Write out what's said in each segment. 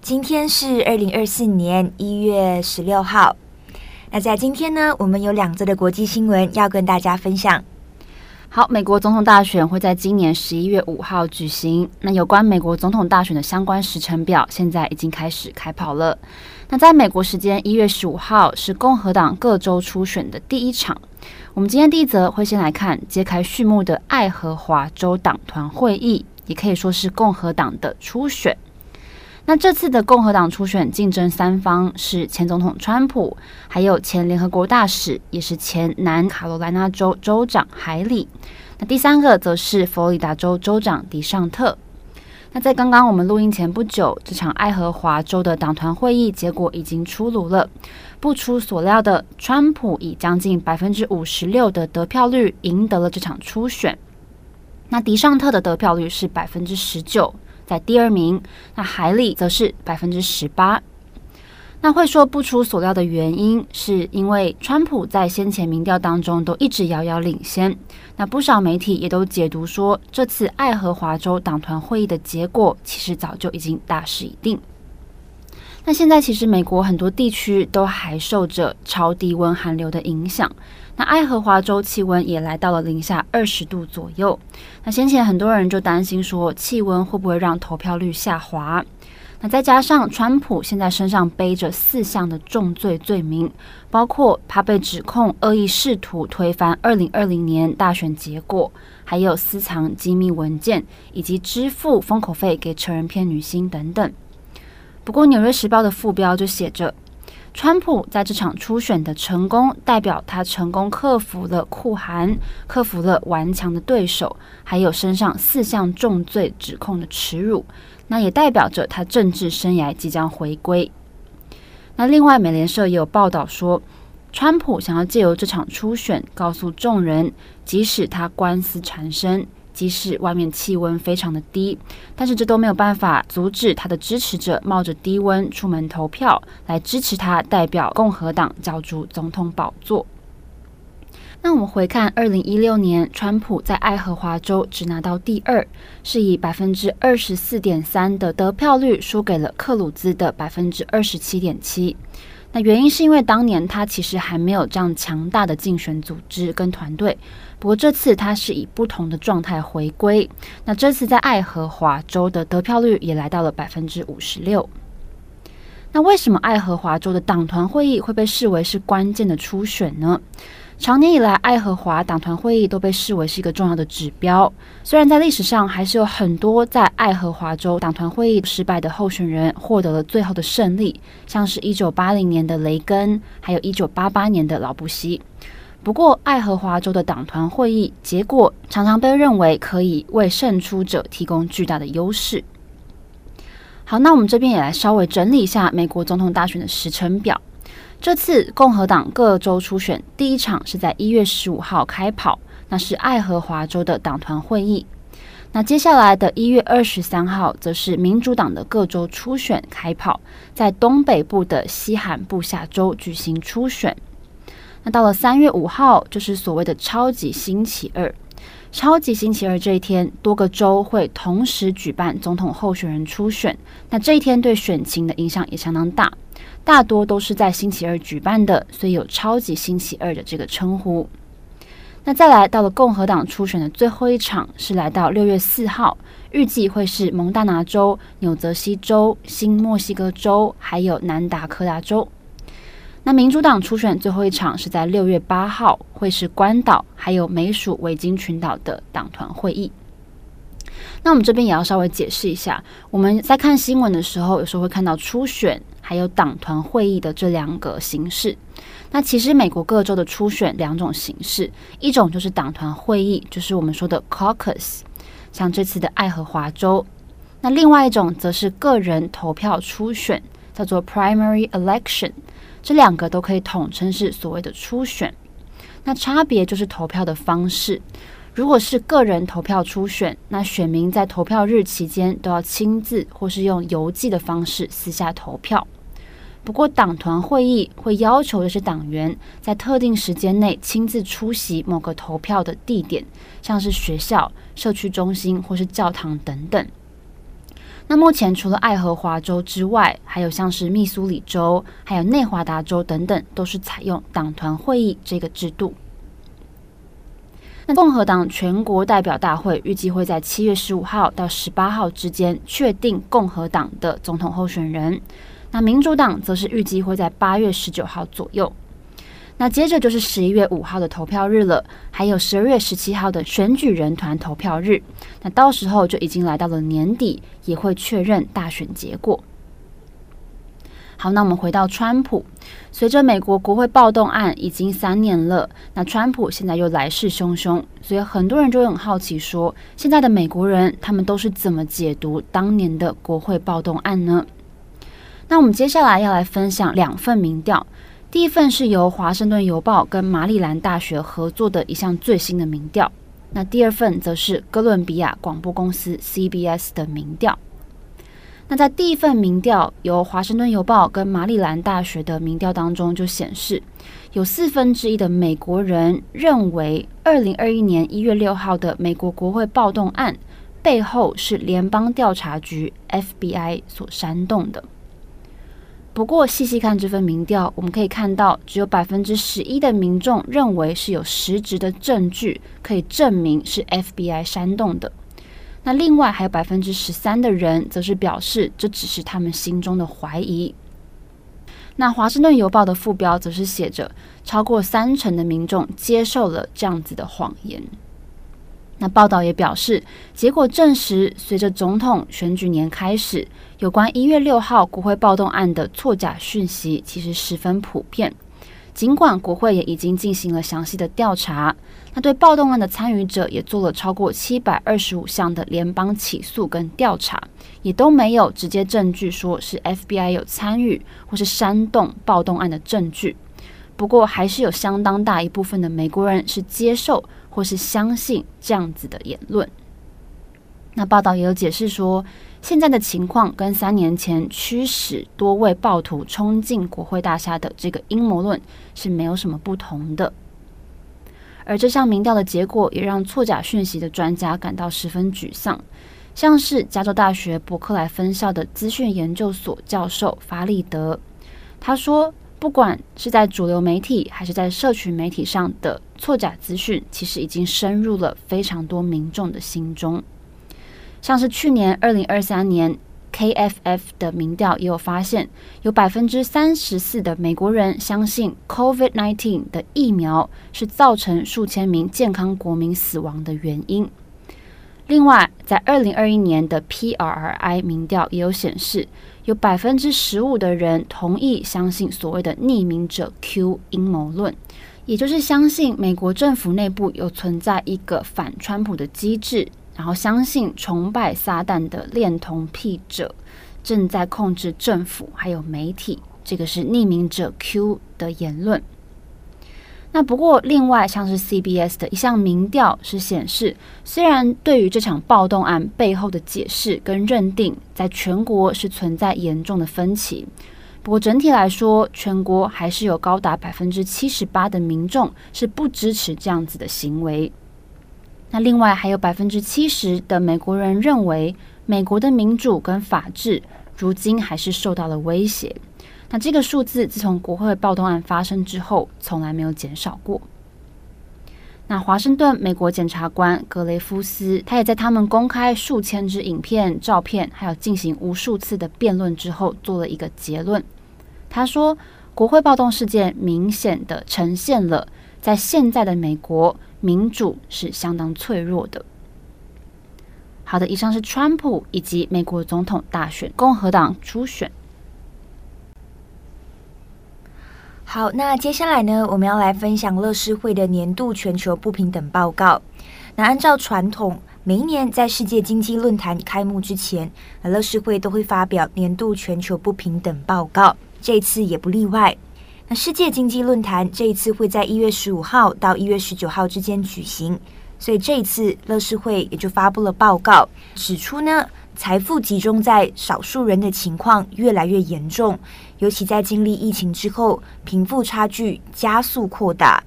今天是二零二四年一月十六號。那在今天呢，我們有兩則的國際新聞要跟大家分享。好，美國總統大選會在今年十一月五號舉行。那有關美國總統大選的相關時程表，現在已經開始開跑了。那在美國時間一月十五號是共和黨各州初選的第一場。我們今天的第一則會先來看揭開序幕的愛荷華州黨團會議，也可以說是共和黨的初選。那這次的共和黨初選競爭三方是前總統川普，還有前聯合國大使，也是前南卡羅來納州州長海理。那第三個則是佛羅里達州州長迪尚特。那在剛剛我們錄音前不久，這場愛荷華州的黨團會議結果已經出爐了。不出所料的，川普以將近百分之五十六的得票率贏得了這場初選。那迪尚特的得票率是百分之十九，在第二名，那海理則是百分之十八。那會說不出所料的原因，是因為川普在先前民調當中都一直遙遙領先。那不少媒體也都解讀說，這次愛荷華州黨團會議的結果，其實早就已經大勢已定。那現在其實美國很多地區都還受着超低溫寒流的影響，那愛荷華州氣溫也來到了零下二十度左右。那先前很多人就擔心說氣溫會不會讓投票率下滑？那再加上川普現在身上背着四項的重罪罪名，包括他被指控惡意試圖推翻二零二零年大選結果，還有私藏機密文件以及支付封口費給成人片女星等等。不過，《紐約時報》的副標就寫着：“川普在這場初選的成功，代表他成功克服了酷寒，克服了頑強的對手，還有身上四項重罪指控的恥辱。那也代表着他政治生涯即將回歸。”那另外，美聯社也有報道說，川普想要借由這場初選告訴眾人，即使他官司纏身。即使外面氣溫非常的低，但是這都沒有辦法阻止他的支持者冒着低溫出門投票，來支持他代表共和黨角逐總統寶座。那我們回看二零一六年，川普在愛荷華州只拿到第二，是以百分之二十四點三的得票率輸給了克魯茲的百分之二十七點七。那原因是因為當年他其實還沒有這樣強大的競選組織跟團隊，不過這次他是以不同的狀態回歸。那這次在愛荷華州的得票率也來到了百分之五十六。那為什麼愛荷華州的黨團會議會被視為是關鍵的初選呢？長年以來，愛荷華黨團會議都被視為是一個重要的指標。雖然在歷史上還是有很多在愛荷華州黨團會議失敗的候選人獲得了最後的勝利，像是一九八零年的雷根，還有一九八八年的老布希。不過，愛荷華州的黨團會議結果常常被認為可以為勝出者提供巨大的優勢。好，那我們這邊也來稍微整理一下美國總統大選的時程表。這次共和黨各州初選第一場是在一月十五號開跑，那是愛荷華州的黨團會議。那接下來的一月二十三號則是民主黨的各州初選開跑，在東北部的新罕布夏州舉行初選。那到了三月五號，就是所謂的超級星期二。超級星期二這一天，多個州會同時舉辦總統候選人初選，那這一天對選情的影響也相當大。大多都是在星期二舉辦的，所以有“超級星期二”的這個稱呼。那再來到了共和黨初選的最後一場，是來到六月四號，預計會是蒙大拿州、紐澤西州、新墨西哥州還有南達科達州。那民主黨初選最後一場是在六月八號，會是關島還有美屬維京群島的黨團會議。那我們這邊也要稍微解釋一下，我們在看新聞的時候，有時候會看到初選還有黨團會議的這兩個形式。那其實美國各州的初選兩種形式，一種就是黨團會議，就是我們說的 caucus，像這次的愛荷華州；那另外一種則是個人投票初選，叫做 primary election。這兩個都可以統稱是所謂的初選，那差別就是投票的方式。如果是個人投票初選，那選民在投票日期間都要親自或是用郵寄的方式私下投票。不過，黨團會議會要求的是黨員在特定時間內親自出席某個投票的地點，像是學校、社區中心或是教堂等等。那目前除了愛荷華州之外，還有像是密蘇里州、還有內華達州等等，都是採用黨團會議這個制度。那共和黨全國代表大會預計會在七月十五號到十八號之間確定共和黨的總統候選人，那民主黨則是預計會在八月十九號左右。那接着就是十一月五號的投票日了，還有十二月十七號的選舉人團投票日。那到時候就已經來到了年底，也會確認大選結果。好，那我們回到川普。隨着美國國會暴動案已經三年了，那川普現在又來勢洶洶，所以很多人就很好奇說，說現在的美國人他們都是怎麼解讀當年的國會暴動案呢？那我們接下來要來分享兩份民調，第一份是由華盛頓郵報跟馬里蘭大學合作的一項最新的民調，那第二份則是哥倫比亞廣播公司 CBS 的民調。那在第一份民調，由華盛頓郵報跟馬里蘭大學的民調當中就，就顯示有四分之一的美國人認為，二零二一年一月六號的美國國會暴動案背後是聯邦調查局 （FBI） 所煽動的。不過，細細看這份民調，我們可以看到，只有百分之十一的民眾認為是有實質的證據可以證明是 FBI 煽動的。那另外還有百分之十三的人，則是表示這只是他們心中的懷疑。那《華盛頓郵報》的副標則是寫着：“超過三成的民眾接受了這樣子的謊言。”那報道也表示，結果證實，隨着總統選舉年開始，有關一月六號國會暴動案的錯假訊息，其實十分普遍。儘管國會也已經進行了詳細的調查，那對暴動案的參與者也做了超過七百二十五項的聯邦起訴跟調查，也都沒有直接證據說是 FBI 有參與或是煽動暴動案的證據。不過，還是有相當大一部分的美國人是接受或是相信這樣子的言論。那報道也有解釋說，現在的情況跟三年前驅使多位暴徒衝進國會大廈的這個陰謀論是沒有什麼不同的。而這項民調的結果也讓錯假訊息的專家感到十分沮喪，像是加州大學伯克萊分校的資訊研究所教授法里德，他說：“不管是在主流媒體還是在社群媒體上的錯假資訊，其實已經深入了非常多民眾的心中。”像是去年二零二三年 KFF 的民調也有發現，有百分之三十四的美國人相信 COVID nineteen 的疫苗是造成數千名健康國民死亡的原因。另外，在二零二一年的 PRRI 民調也有顯示，有百分之十五的人同意相信所謂的匿名者 Q 陰謀論，也就是相信美國政府內部有存在一個反川普的機制。然後相信崇拜撒旦的戀童癖者正在控制政府還有媒體，這個是匿名者 Q 的言論。那不過，另外像是 CBS 的一項民調是顯示，雖然對於這場暴動案背後的解釋跟認定，在全國是存在嚴重的分歧，不過整體來說，全國還是有高達百分之七十八的民眾是不支持這樣子的行為。那另外還有百分之七十的美國人認為，美國的民主跟法治如今還是受到了威脅。那這個數字自從國會暴動案發生之後，從來沒有減少過。那華盛頓美國檢察官格雷夫斯，他也在他們公開數千支影片、照片，還有進行無數次的辯論之後，做了一個結論。他說，國會暴動事件明顯的呈現了在現在的美國。民主是相當脆弱的。好的，以上是川普以及美國總統大選共和黨初選。好，那接下來呢，我們要來分享樂施會的年度全球不平等報告。那按照傳統，每一年在世界經濟論壇開幕之前，樂施會都會發表年度全球不平等報告，這次也不例外。那世界經濟論壇這一次會在一月十五號到一月十九號之間舉行，所以這一次樂施會也就發布了報告，指出呢財富集中在少數人的情況越來越嚴重，尤其在經歷疫情之後，貧富差距加速擴大。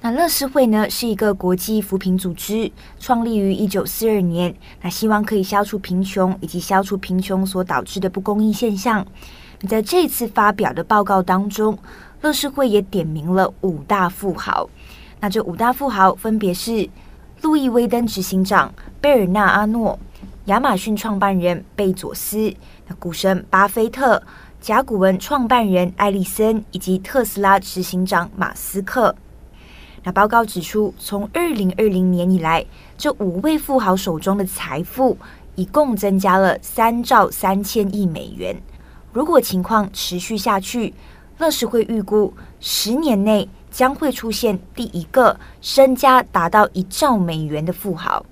那樂施會呢是一個國際扶貧組織，創立於一九四二年，那希望可以消除貧窮以及消除貧窮所導致的不公義現象。在這次發表的報告當中，樂施會也點名了五大富豪。那這五大富豪分別是路易威登執行長貝爾納阿諾、亞馬遜創辦人貝佐斯、股神巴菲特、甲骨文創辦人艾利森以及特斯拉執行長馬斯克。那報告指出，從二零二零年以來，這五位富豪手中的財富一共增加了三兆三千億美元。如果情況持續下去，樂施會預估十年內將會出現第一個身家達到一兆美元的富豪。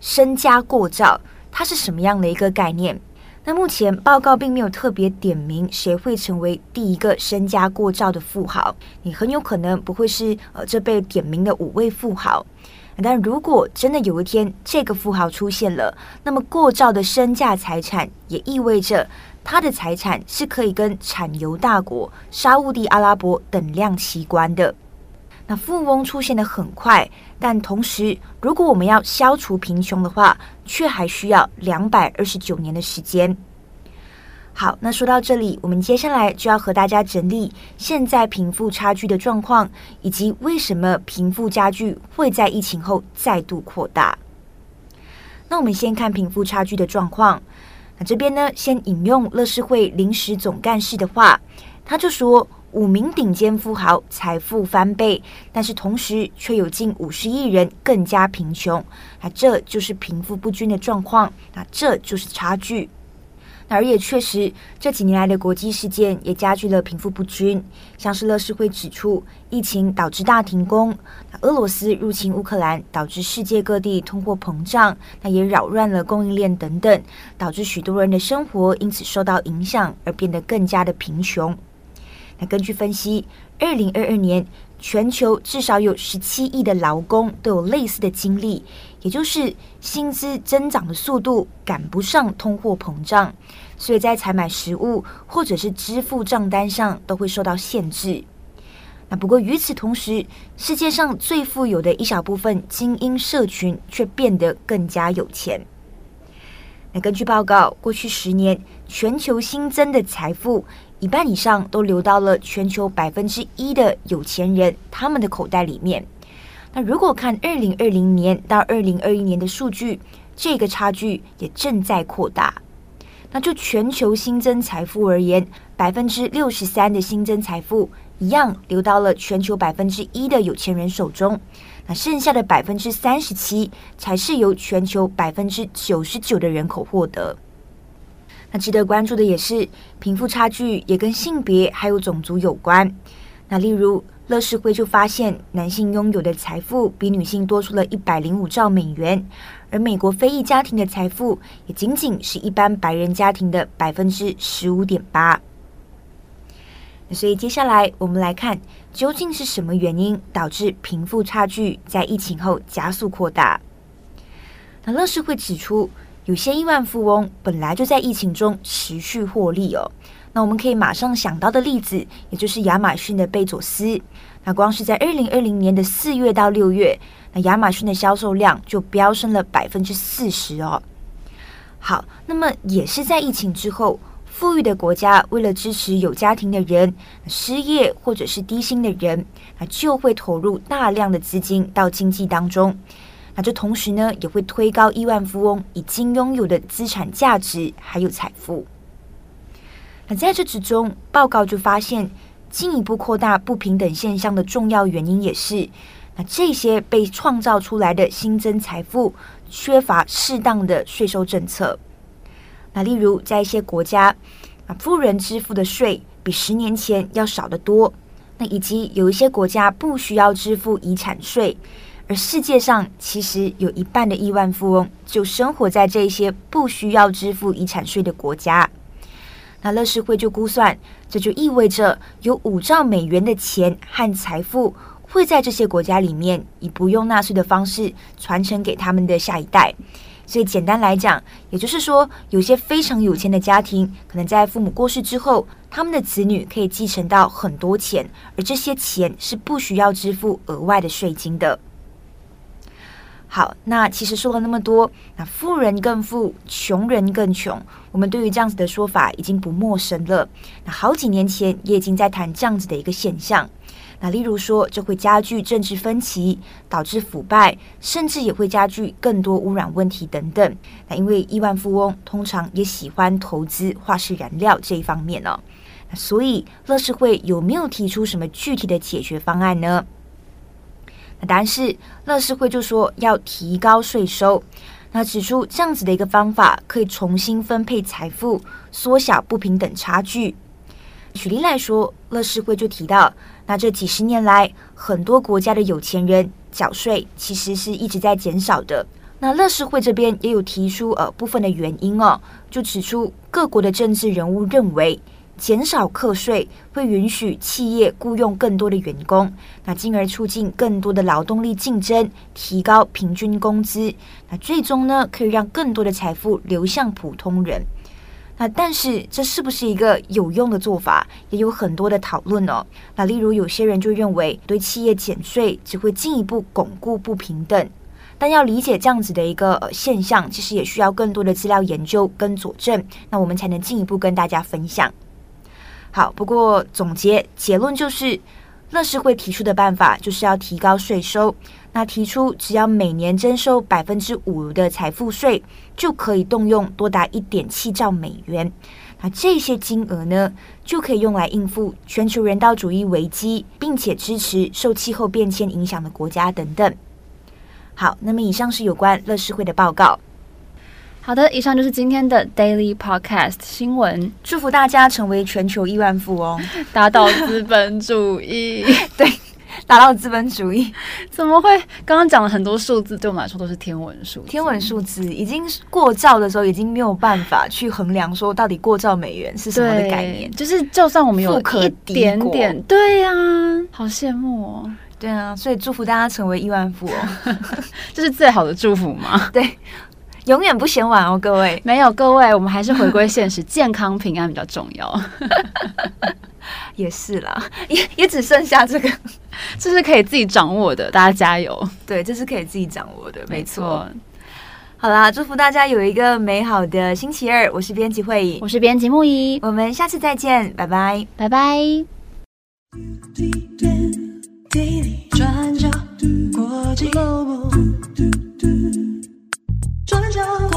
身家過兆，它是什麼樣的一個概念？那目前報告並沒有特別點名誰會成為第一個身家過兆的富豪，你很有可能不會是呃這被點名的五位富豪。但如果真的有一天這個富豪出現了，那麼過兆的身價財產也意味着他的財產是可以跟產油大國沙烏地阿拉伯等量齊觀的。那富翁出現的很快，但同時，如果我們要消除貧窮的話，卻還需要兩百二十九年的時間。好，那說到這裡，我們接下來就要和大家整理現在貧富差距的狀況，以及為什麼貧富差距會在疫情後再度擴大。那我們先看貧富差距的狀況。那這邊呢，先引用樂施會臨時總幹事的話，他就說：五名頂尖富豪財富翻倍，但是同時卻有近五十億人更加貧窮。那這就是貧富不均的狀況，那這就是差距。而也確實，這幾年來的國際事件也加劇了貧富不均。像是樂施會指出，疫情導致大停工，俄羅斯入侵烏克蘭導致世界各地通貨膨脹，那也擾亂了供應鏈等等，導致許多人的生活因此受到影響而變得更加的貧窮。那根據分析，二零二二年，全球至少有十七億的勞工都有類似的經歷，也就是薪資增長的速度趕不上通貨膨脹，所以在採買食物或者是支付賬單上都會受到限制。那不過與此同時，世界上最富有的一小部分精英社群卻變得更加有錢。那根據報告，過去十年全球新增的財富。一半以上都流到了全球百分之一的有錢人，他們的口袋裡面。那如果看二零二零年到二零二一年的數據，這個差距也正在擴大。那就全球新增財富而言，百分之六十三的新增財富一樣流到了全球百分之一的有錢人手中，那剩下的百分之三十七，才是由全球百分之九十九的人口獲得。那值得關注的也是貧富差距也跟性別還有種族有關。那例如，樂施會就發現，男性擁有的財富比女性多出了一百零五兆美元，而美國非裔家庭的財富也僅僅是一般白人家庭的百分之十五點八。那所以，接下來我們來看究竟是什麼原因導致貧富差距在疫情後加速擴大？那樂施會指出，有些億萬富翁本來就在疫情中持續獲利哦。那我們可以馬上想到的例子，也就是亞馬遜的貝佐斯。那光是在二零二零年的四月到六月，那亞馬遜的銷售量就飆升了百分之四十哦。好，那麼也是在疫情之後，富裕的國家為了支持有家庭的人、失業或者是低薪的人,那就會投入大量的資金到經濟當中。那這同時呢，也會推高億萬富翁已經擁有的資產價值，還有財富。那在這之中，報告就發現，進一步擴大不平等現象的重要原因，也是那這些被創造出來的新增財富缺乏適當的稅收政策。那例如，在一些國家，啊，富人支付的稅比十年前要少得多。那以及有一些國家不需要支付遺產稅。而世界上其實有一半的億萬富翁就生活在這些不需要支付遺產稅的國家。那樂施會就估算，這就意味着有五兆美元的錢和財富會在這些國家裡面以不用納稅的方式傳承給他們的下一代。所以簡單來講，也就是說，有些非常有錢的家庭，可能在父母過世之後，他們的子女可以繼承到很多錢，而這些錢是不需要支付額外的稅金的。好，那其實說了那麼多，那富人更富，窮人更窮，我們對於這樣子的說法已經不陌生了。那好幾年前，也已經在談這樣子的一個現象，那例如說，這會加劇政治分歧，導致腐敗，甚至也會加劇更多污染問題等等。那因為億萬富翁通常也喜歡投資化石燃料這一方面呢、哦，那所以，樂施會有沒有提出什麼具體的解決方案呢？答案是，樂施會就說要提高稅收，那指出這樣子的一個方法可以重新分配財富，縮小不平等差距。舉例來說，樂施會就提到，那這幾十年來，很多國家的有錢人繳稅其實是一直在減少的。那樂施會這邊也有提出，呃，部分的原因哦，就指出各國的政治人物認為。減少課稅會允許企業僱傭更多的員工，那進而促進更多的勞動力競爭，提高平均工資，那最終呢可以讓更多的財富流向普通人。那但是這是不是一個有用的做法，也有很多的討論哦。那例如有些人就認為對企業減稅只會進一步鞏固不平等，但要理解這樣子的一個、呃、現象，其實也需要更多的資料研究跟佐證，那我們才能進一步跟大家分享。好，不過總結結論就是，樂施會提出的辦法就是要提高稅收。那提出只要每年徵收百分之五的財富稅，就可以動用多達一點七兆美元。那這些金額呢，就可以用來應付全球人道主義危機，並且支持受氣候變遷影響的國家等等。好，那麼以上是有關樂施會的報告。好的，以上就是今天的 Daily Podcast 新聞。祝福大家成為全球億萬富翁，打 倒資本主義！ 對，打倒資本主義！怎麼會？剛剛講了很多數字，對我們來說都是天文數，天文數字已經過兆的時候，已經沒有辦法去衡量說到底過兆美元是什麼的概念。對就是就算我們有富可敵國。對呀，啊，好羨慕哦！對啊，所以祝福大家成為億萬富翁，這 是最好的祝福嗎？對。永遠不嫌晚哦，各位。沒有，各位，我們還是回歸現實， 健康平安比較重要。 也是啦，也也只剩下這個，這是可以自己掌握的。大家加油！對，這是可以自己掌握的，沒錯。沒錯，好啦，祝福大家有一個美好的星期二。我是編輯慧儀，我是編輯牧宜，我們下次再見，拜拜，拜拜。